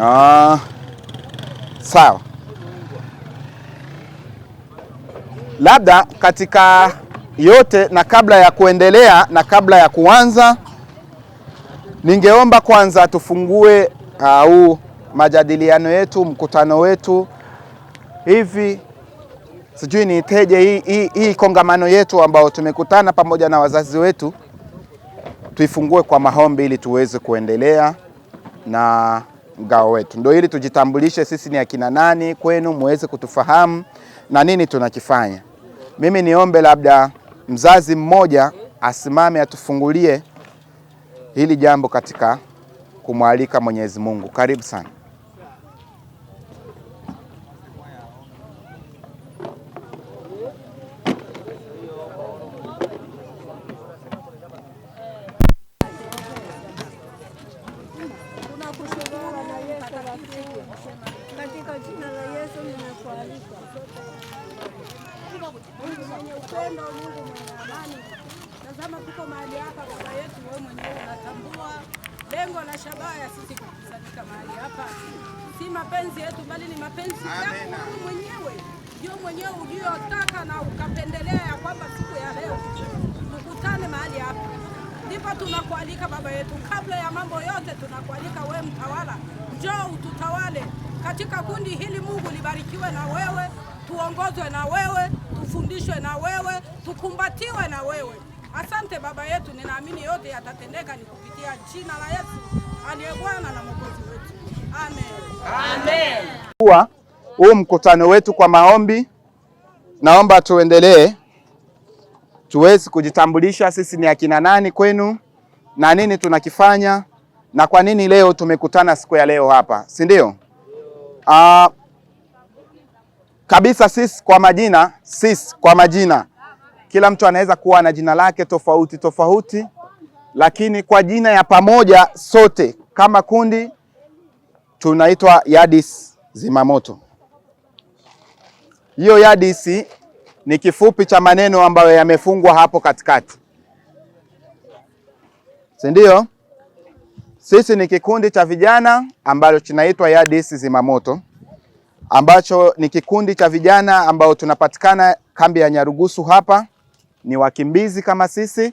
Ah, sawa. Labda katika yote na kabla ya kuendelea na kabla ya kuanza, ningeomba kwanza tufungue au uh, majadiliano yetu, mkutano wetu hivi sijui niiteje hii, hii, hii kongamano yetu ambao tumekutana pamoja na wazazi wetu, tuifungue kwa maombi ili tuweze kuendelea na mgao wetu. Ndio ili tujitambulishe sisi ni akina nani kwenu, muweze kutufahamu na nini tunakifanya. Mimi niombe labda mzazi mmoja asimame atufungulie hili jambo katika kumwalika Mwenyezi Mungu. Karibu sana. vibaya sisi kukusanyika mahali hapa, si mapenzi yetu, bali ni mapenzi yako wewe mwenyewe, ndio mwenyewe uliyotaka na ukapendelea ya kwamba siku ya leo tukutane mahali hapa. Ndipo tunakualika baba yetu, kabla ya mambo yote tunakualika wewe mtawala, njoo ututawale katika kundi hili. Mungu libarikiwe na wewe, tuongozwe na wewe, tufundishwe na wewe, tukumbatiwe na wewe. Asante baba yetu, ninaamini yote yatatendeka ni kupitia jina la Yesu aliye Bwana na Mwokozi wetu. Amen. Amen. Kwa huu mkutano wetu kwa maombi, naomba tuendelee tuwezi kujitambulisha sisi ni akina nani kwenu na nini tunakifanya na kwa nini leo tumekutana siku ya leo hapa, si ndio? Ah, kabisa sisi kwa majina, sisi kwa majina, kila mtu anaweza kuwa na jina lake tofauti tofauti lakini kwa jina ya pamoja sote kama kundi tunaitwa Yadis Zimamoto. Hiyo Yadis ni kifupi cha maneno ambayo yamefungwa hapo katikati, si ndio? Sisi ni kikundi cha vijana ambacho kinaitwa Yadis Zimamoto, ambacho ni kikundi cha vijana ambao tunapatikana kambi ya Nyarugusu hapa, ni wakimbizi kama sisi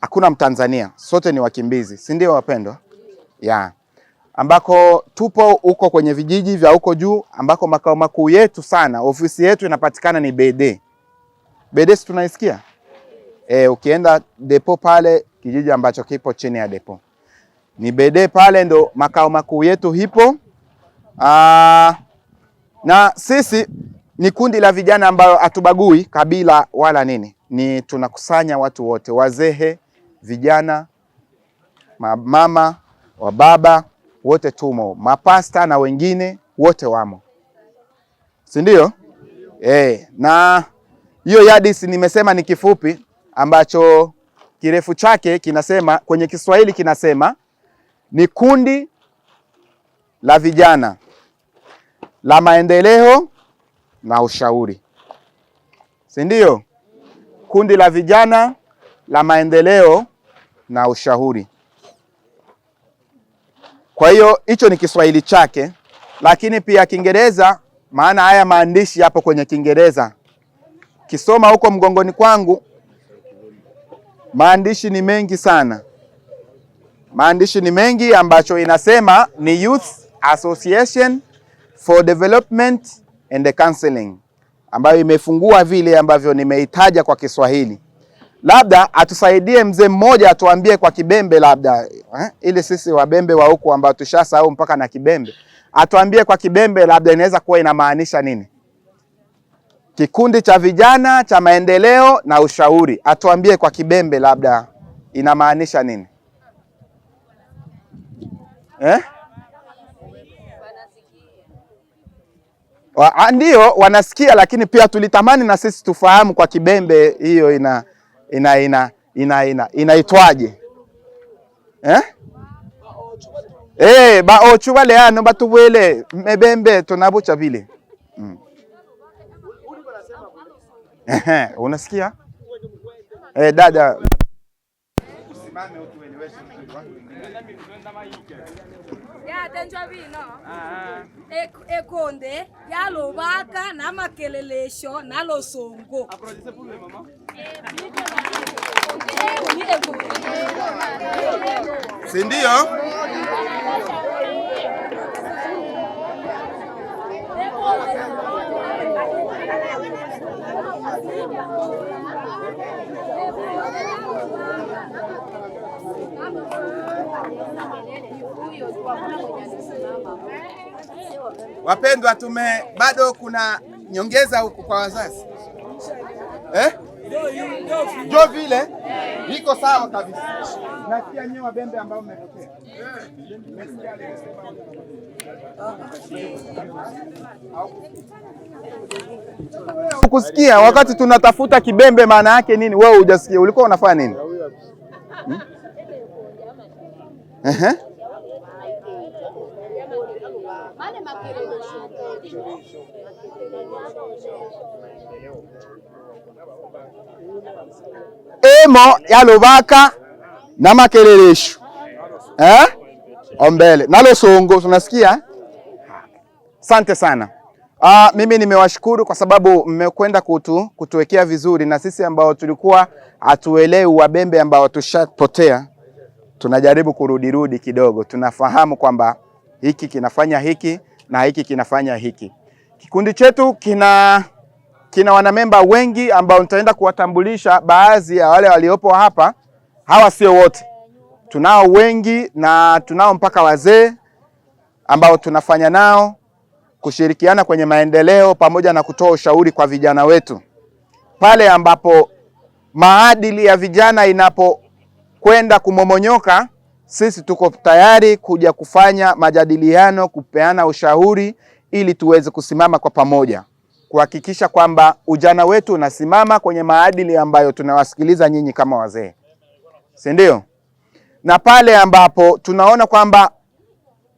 hakuna Mtanzania, sote ni wakimbizi, si ndio wapendwa? Yeah. Ambako tupo huko kwenye vijiji vya huko juu ambako makao makuu yetu sana, ofisi yetu inapatikana ni Bede. Bede si tunaisikia? E, ukienda depo pale kijiji ambacho kipo chini ya depo ni Bede, pale ndo makao makuu yetu hipo. Aa, na sisi ni kundi la vijana ambayo hatubagui kabila wala nini, ni tunakusanya watu wote, wazee vijana, mama, wa baba wote tumo, mapasta na wengine wote wamo, si ndio? E, na hiyo Yadis nimesema ni kifupi ambacho kirefu chake kinasema kwenye Kiswahili kinasema ni kundi la vijana la maendeleo na ushauri, si ndio? Kundi la vijana la maendeleo na ushauri. Kwa hiyo hicho ni Kiswahili chake, lakini pia Kiingereza, maana haya maandishi yapo kwenye Kiingereza. Kisoma huko mgongoni kwangu, maandishi ni mengi sana, maandishi ni mengi ambacho inasema ni Youth Association for Development and Counseling, ambayo imefungua vile ambavyo nimeitaja kwa Kiswahili labda atusaidie mzee mmoja atuambie kwa Kibembe labda eh, ili sisi Wabembe wa huku ambao tushasahau mpaka na Kibembe, atuambie kwa Kibembe labda inaweza kuwa inamaanisha nini? Kikundi cha vijana cha maendeleo na ushauri, atuambie kwa Kibembe labda inamaanisha nini eh? Ndio wanasikia, lakini pia tulitamani na sisi tufahamu kwa Kibembe hiyo ina ina ina ina ina inaitwaje eh? Eh, ba ochu wale ano ah, batuwele mebembe tunabucha vile mm. Unasikia eh, dada usimame utueleweshe vizuri watu yatenjwa vino ah, ah. ekonde e yalovaka na makelelesho na losongo sindio? E Wapendwa, tume bado kuna nyongeza huku kwa wazazi eh? Jo vile liko sawa kabisa. Nasikia nyewe wabembe ambao mmetokea. wakati tunatafuta kibembe, maana yake nini? Wewe hujasikia, ulikuwa unafanya nini? hmm? Ehe. Emo ya lubaka na makerereshu eh? Ombele nalo songo tunasikia. Eh? Asante sana. Aa, ah, mimi nimewashukuru kwa sababu mmekwenda kutu kutuwekea vizuri, na sisi ambao tulikuwa hatuelewi wabembe ambao tushapotea tunajaribu kurudirudi kidogo, tunafahamu kwamba hiki kinafanya hiki na hiki kinafanya hiki. Kikundi chetu kina kina wanamemba wengi ambao nitaenda kuwatambulisha baadhi ya wale waliopo hapa. Hawa sio wote, tunao wengi na tunao mpaka wazee ambao tunafanya nao kushirikiana kwenye maendeleo pamoja na kutoa ushauri kwa vijana wetu pale ambapo maadili ya vijana inapo kwenda kumomonyoka, sisi tuko tayari kuja kufanya majadiliano, kupeana ushauri ili tuweze kusimama kwa pamoja kuhakikisha kwamba ujana wetu unasimama kwenye maadili ambayo tunawasikiliza nyinyi kama wazee, si ndio? Na pale ambapo tunaona kwamba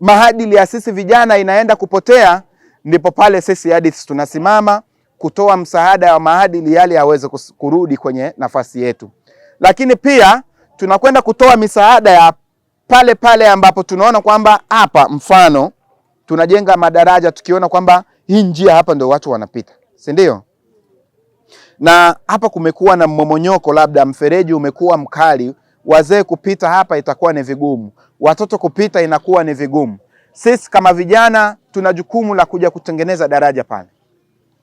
maadili ya sisi vijana inaenda kupotea, ndipo pale sisi Hadith tunasimama kutoa msaada wa maadili yale yaweze kurudi kwenye nafasi yetu, lakini pia tunakwenda kutoa misaada ya pale pale ambapo tunaona kwamba hapa, mfano tunajenga madaraja, tukiona kwamba hii njia hapa ndio watu wanapita, si ndio? Na hapa kumekuwa na mmomonyoko, labda mfereji umekuwa mkali, wazee kupita hapa itakuwa ni vigumu, watoto kupita inakuwa ni vigumu. Sisi kama vijana tuna jukumu la kuja kutengeneza daraja pale,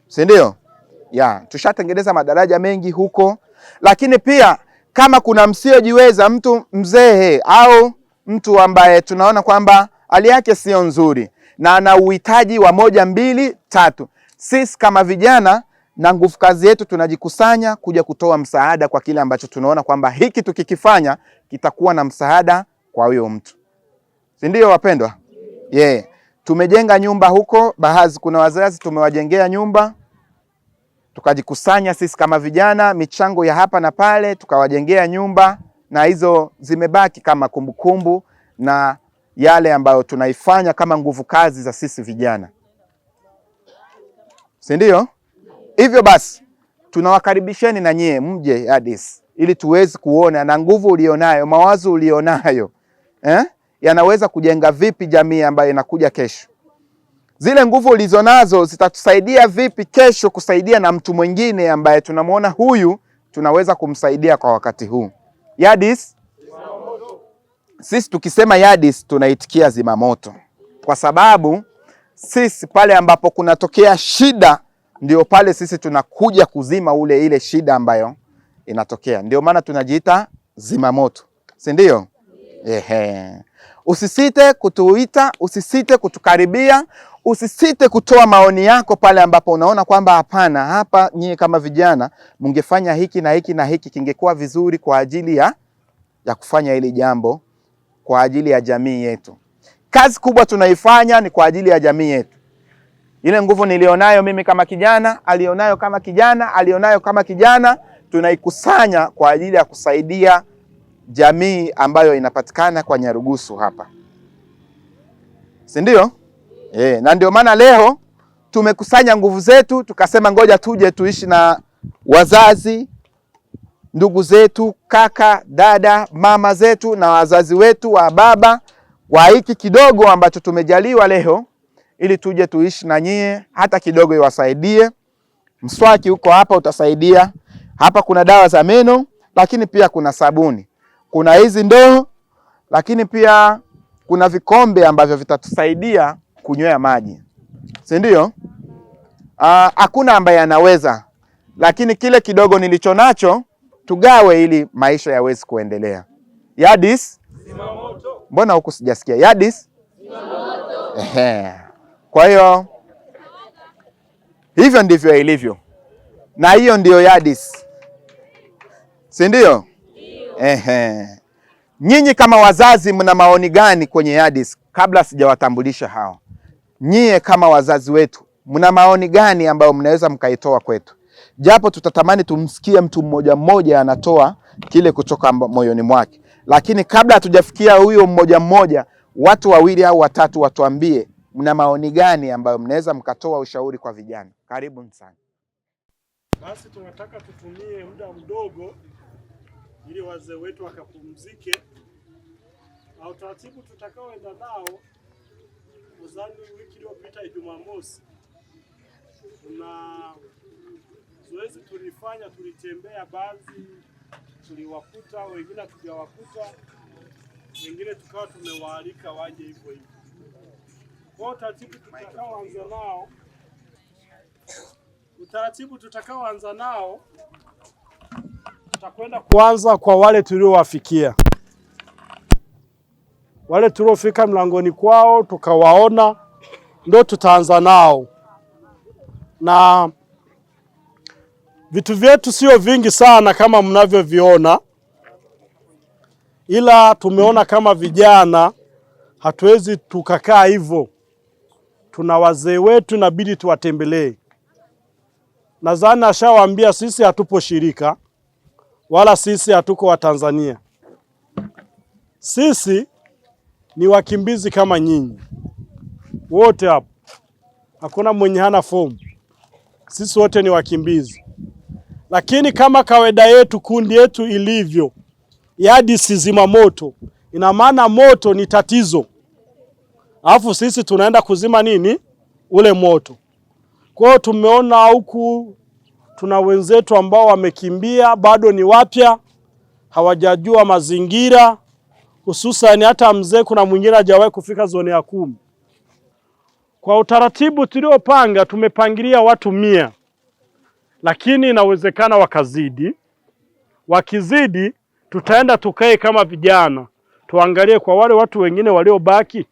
si ndio? Ya, tushatengeneza madaraja mengi huko, lakini pia kama kuna msiojiweza, mtu mzee au mtu ambaye tunaona kwamba hali yake sio nzuri na ana uhitaji wa moja mbili tatu, sisi kama vijana na nguvu kazi yetu tunajikusanya kuja kutoa msaada kwa kile ambacho tunaona kwamba hiki tukikifanya kitakuwa na msaada kwa huyo mtu, si ndio wapendwa? Yeah. Tumejenga nyumba huko Bahazi, kuna wazazi tumewajengea nyumba tukajikusanya sisi kama vijana, michango ya hapa na pale, tukawajengea nyumba, na hizo zimebaki kama kumbukumbu kumbu, na yale ambayo tunaifanya kama nguvu kazi za sisi vijana, si ndio? Hivyo basi tunawakaribisheni na nyie mje Addis ili tuweze kuona na nguvu ulionayo mawazo ulionayo eh, yanaweza kujenga vipi jamii ambayo inakuja kesho zile nguvu ulizonazo zitatusaidia vipi kesho kusaidia na mtu mwingine ambaye tunamwona huyu tunaweza kumsaidia kwa wakati huu. Yadis, sisi tukisema Yadis tunaitikia zimamoto, kwa sababu sisi pale ambapo kunatokea shida ndio pale sisi tunakuja kuzima ule ile shida ambayo inatokea, ndio maana tunajiita zimamoto, si ndio? Ehe, usisite kutuita, usisite kutukaribia, Usisite kutoa maoni yako pale ambapo unaona kwamba hapana, hapa nyie kama vijana mngefanya hiki na hiki na hiki, kingekuwa vizuri kwa ajili ya, ya kufanya hili jambo kwa ajili ya jamii yetu. Kazi kubwa tunaifanya ni kwa ajili ya jamii yetu. Ile nguvu nilionayo mimi kama kijana, alionayo kama kijana, alionayo kama kijana, tunaikusanya kwa ajili ya kusaidia jamii ambayo inapatikana kwa Nyarugusu hapa, si ndio? e, na ndio maana leo tumekusanya nguvu zetu tukasema ngoja tuje tuishi na wazazi ndugu zetu kaka dada mama zetu na wazazi wetu wa baba wa hiki kidogo ambacho tumejaliwa leo, ili tuje tuishi na nyie, hata kidogo iwasaidie. Mswaki huko hapa utasaidia, hapa kuna dawa za meno, lakini pia kuna sabuni, kuna hizi ndoo, lakini pia kuna vikombe ambavyo vitatusaidia kunywea maji, si ndio? Ah, hakuna ambaye anaweza, lakini kile kidogo nilicho nacho tugawe ili maisha yawezi kuendelea. Yadis, mbona huku sijasikia Yadis? Kwa hiyo hivyo ndivyo ilivyo, na hiyo ndiyo Yadis, si ndio? Ehe. Nyinyi kama wazazi mna maoni gani kwenye Yadis kabla sijawatambulisha hao? nyie kama wazazi wetu mna maoni gani ambayo mnaweza mkaitoa kwetu, japo tutatamani tumsikie mtu mmoja mmoja anatoa kile kutoka moyoni mwake, lakini kabla hatujafikia huyo mmoja mmoja, watu wawili au watatu watuambie mna maoni gani ambayo mnaweza mkatoa ushauri kwa vijana. Karibu sana. Basi tunataka tutumie muda mdogo ili wazee wetu wakapumzike, na utaratibu tutakaoenda nao Uzani wiki iliyopita Jumamosi, kuna zoezi tulifanya, tulitembea, baadhi tuliwakuta, wengine hatujawakuta, wengine tukawa tumewaalika waje hivyo hivyo. Kwa utaratibu tutakaoanza nao, utaratibu tutakaoanza nao tutakwenda kuanza kwa wale tuliowafikia wale tuliofika mlangoni kwao tukawaona, ndio tutaanza nao, na vitu vyetu sio vingi sana kama mnavyoviona, ila tumeona kama vijana hatuwezi tukakaa hivyo, tuna wazee wetu inabidi tuwatembelee. Nadhani ashawaambia sisi hatupo shirika wala sisi hatuko Watanzania, sisi ni wakimbizi kama nyinyi wote hapo hakuna mwenye hana fomu. Sisi wote ni wakimbizi, lakini kama kawaida yetu, kundi yetu ilivyo yadi sizima moto, ina maana moto ni tatizo, alafu sisi tunaenda kuzima nini ule moto. Kwa hiyo tumeona huku tuna wenzetu ambao wamekimbia, bado ni wapya, hawajajua mazingira hususani hata mzee, kuna mwingine hajawahi kufika zone ya kumi. Kwa utaratibu tuliopanga, tumepangilia watu mia, lakini inawezekana wakazidi. Wakizidi tutaenda tukae kama vijana, tuangalie kwa wale watu wengine waliobaki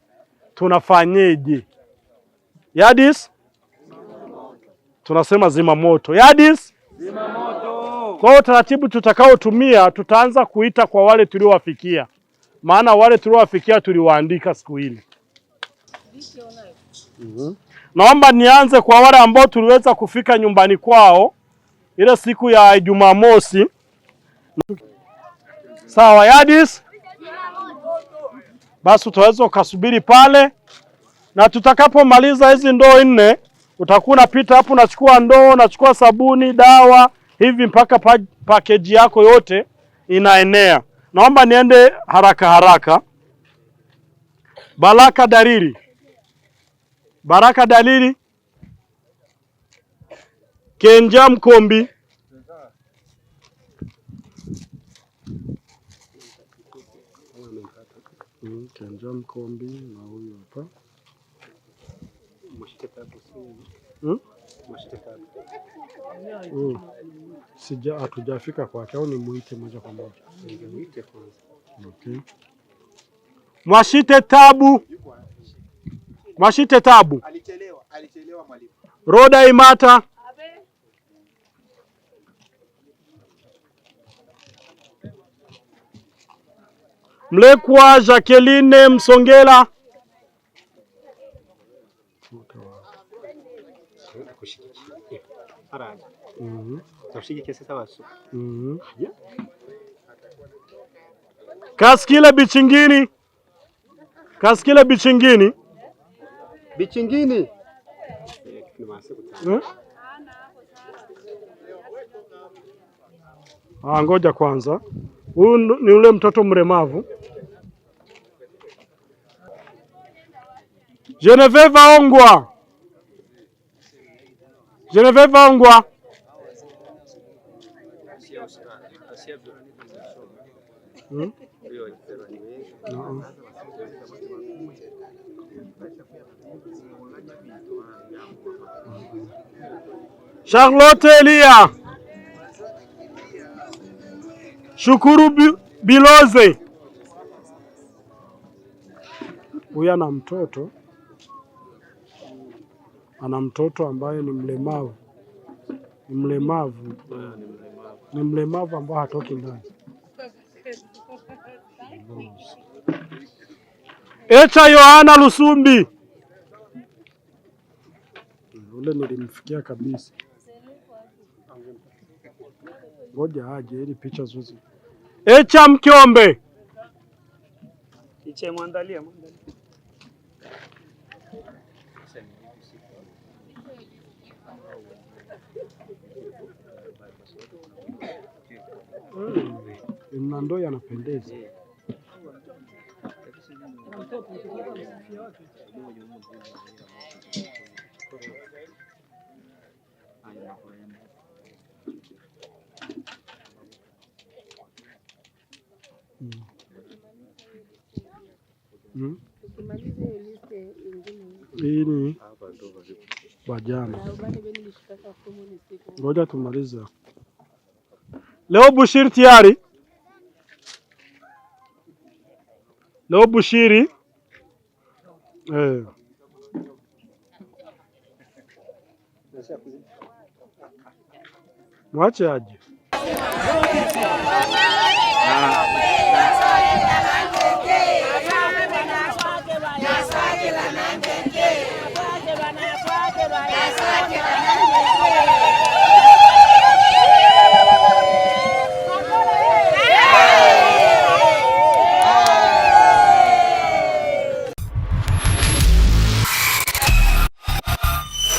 tunafanyeje. Yadis tunasema zima moto, Yadis zima moto. Kwa utaratibu tutakaotumia, tutaanza kuita kwa wale tuliowafikia maana wale tuliowafikia tuliwaandika siku hili. mm -hmm. Naomba nianze kwa wale ambao tuliweza kufika nyumbani kwao ile siku ya Jumamosi. Sawa Yadis, basi utaweza ukasubiri pale, na tutakapomaliza hizi ndoo nne utakuwa unapita hapo, unachukua ndoo, unachukua sabuni, dawa, hivi mpaka pakeji yako yote inaenea. Naomba niende haraka haraka. Baraka dalili, Baraka dalili, Kenja Mkombi, Kenja Mkombi na huyu hapa hmm? sija hatujafika kwake, au nimuite moja kwa moja? Okay. Mwashite Tabu, Mwashite Tabu. Alichelewa, alichelewa mwalimu. Roda Imata. Mlekwa Jacqueline Msongela. Mm -hmm. Kaskile bichingini, kaskile bichingini, bichingini Ah, ngoja kwanza, huyu ni ule mtoto mremavu Geneveva Ongwa, Geneveva Ongwa Charlotte Elia, Shukuru Biloze, huyu ana mtoto ana mtoto ambaye ni mlemavu, ni mlemavu, ni mlemavu ambaye hatoki ndani Echa Yohana Lusumbi ule nilimfikia kabisa, ngoja aje ili picha zuzi. Echa Mkiombe. Echa mwandalia, mwandalia. Mm. Mnandoi anapendeza. Ini wajana, ngoja tumaliza leo. Bushiri tayari Leo Bushiri eh. Mwache aje. Ah.